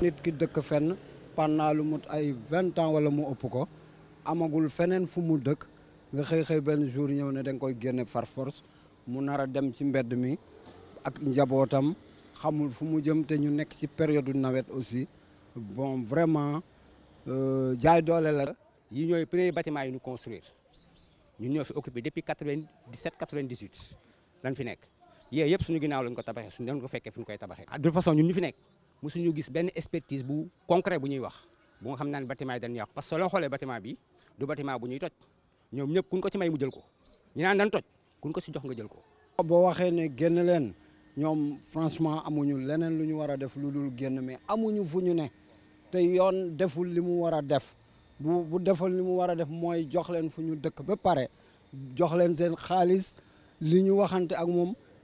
nit ki dëkk fenn pendant lu mut ay 20 ans wala mu ëpp ko amagul feneen fu mu dëkk nga xëy xëy benn jour ñëw ne da koy génne far force mu nar a dem ci mbedd mi ak njabootam xamul fu mu jëm te ñu nekk ci période nawet aussi bon vraiment euh, jaay doole la. yi ñooy premier bâtiment yi ñu construire ñun ñoo fi occupé depuis 97 98 lan fi nekk yee yëpp suñu ginnaaw lañ ko tabaxee suñu leen ko fekkee fu ñu koy tabaxee. Ah, de façon ñun ñu fi nekk. musuñu gis ben expertise bu concret bu ñuy wax bu nga xam naan bâtiment yi dañ yàqu parce que loo xolé bâtiment bi du bâtiment bu ñuy toj ñom ñep kuñ ko ci may mu jël ko ñi naan dañ toj kuñ ko ci jox nga jël ko. bo waxé ne génn leen ñom franchement amuñu leneen luñu wara def lulul dul génn mais amuñu fuñu né té yoon deful limu wara def bu bu deful limu wara def moy jox leen fuñu dëkk ba pare jox leen seen xaaliss liñu ak mom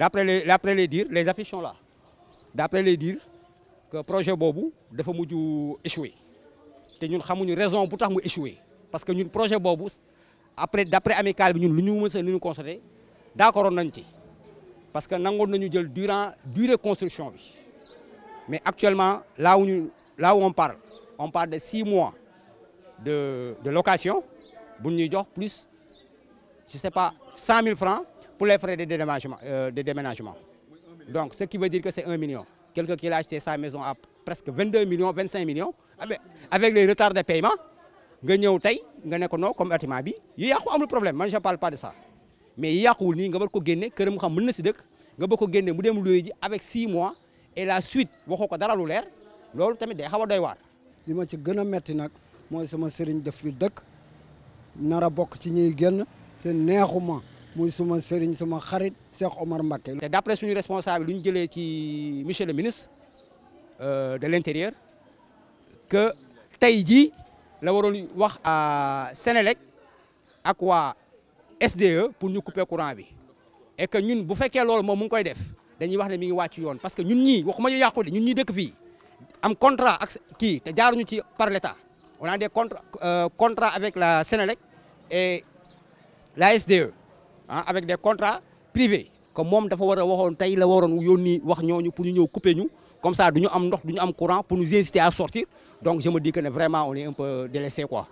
d'après les d'après les dires les affiches sont là d'après les dires que projet Bobou a échoué Nous ñun une raison pour tax mu échoué parce que le projet Bobou, après d'après Amical, nous nous lu nous a d'accord d'accord parce que nous avons jël durant durée construction mais actuellement là où on parle on parle de six mois de de location pour nous plus je sais pas 100 000 francs pour les frais de déménagement. Euh, de déménagement. Donc, ce qui veut dire que c'est 1 million. Quelqu'un qui a acheté sa maison à presque 22 millions, 25 millions, avec, ah ben, avec les retards de paiement, nga ñëw tey nga ne ko comme Il bi yu yàqu amul problème moi je parle pas de ça mais il yàquwul a nga war ko génne këram xam mën na si nga mu ji avec 6 mois et la suite waxoo ko dara lu leer loolu tamit day xaw a doy waar. je ma ci c'est a metti nag mooy sama sëriñ def fi dëkk nar a C'est ci ñuy génn te neexuma moy suma serigne suma xarit Cheikh Omar Mbacké. té d'après suñu responsable luñu jëlé ci monsieur le ministre euh, de l'intérieur que tey jii la waroon wax à Sénélec ak waa SDE pour ñu couper courant bi et que ñun bu féké loolu moom mu ngi koy def dañuy wax né mi ngi wàcc yoon parce que ñun ñi waxuma ñu yàqu ñun ñi dëkk fi am contrat ak ki té jaaru ñu ci par l'État on a des euh, contrats euh, contrat avec la Sénélec et la SDE. Ah, avec des contrats privés comme moi, il faut a waxoon la pour nous couper comme ça nous ñu am ndox courant pour nous inciter à sortir donc je me dis que vraiment on est un peu délaissé quoi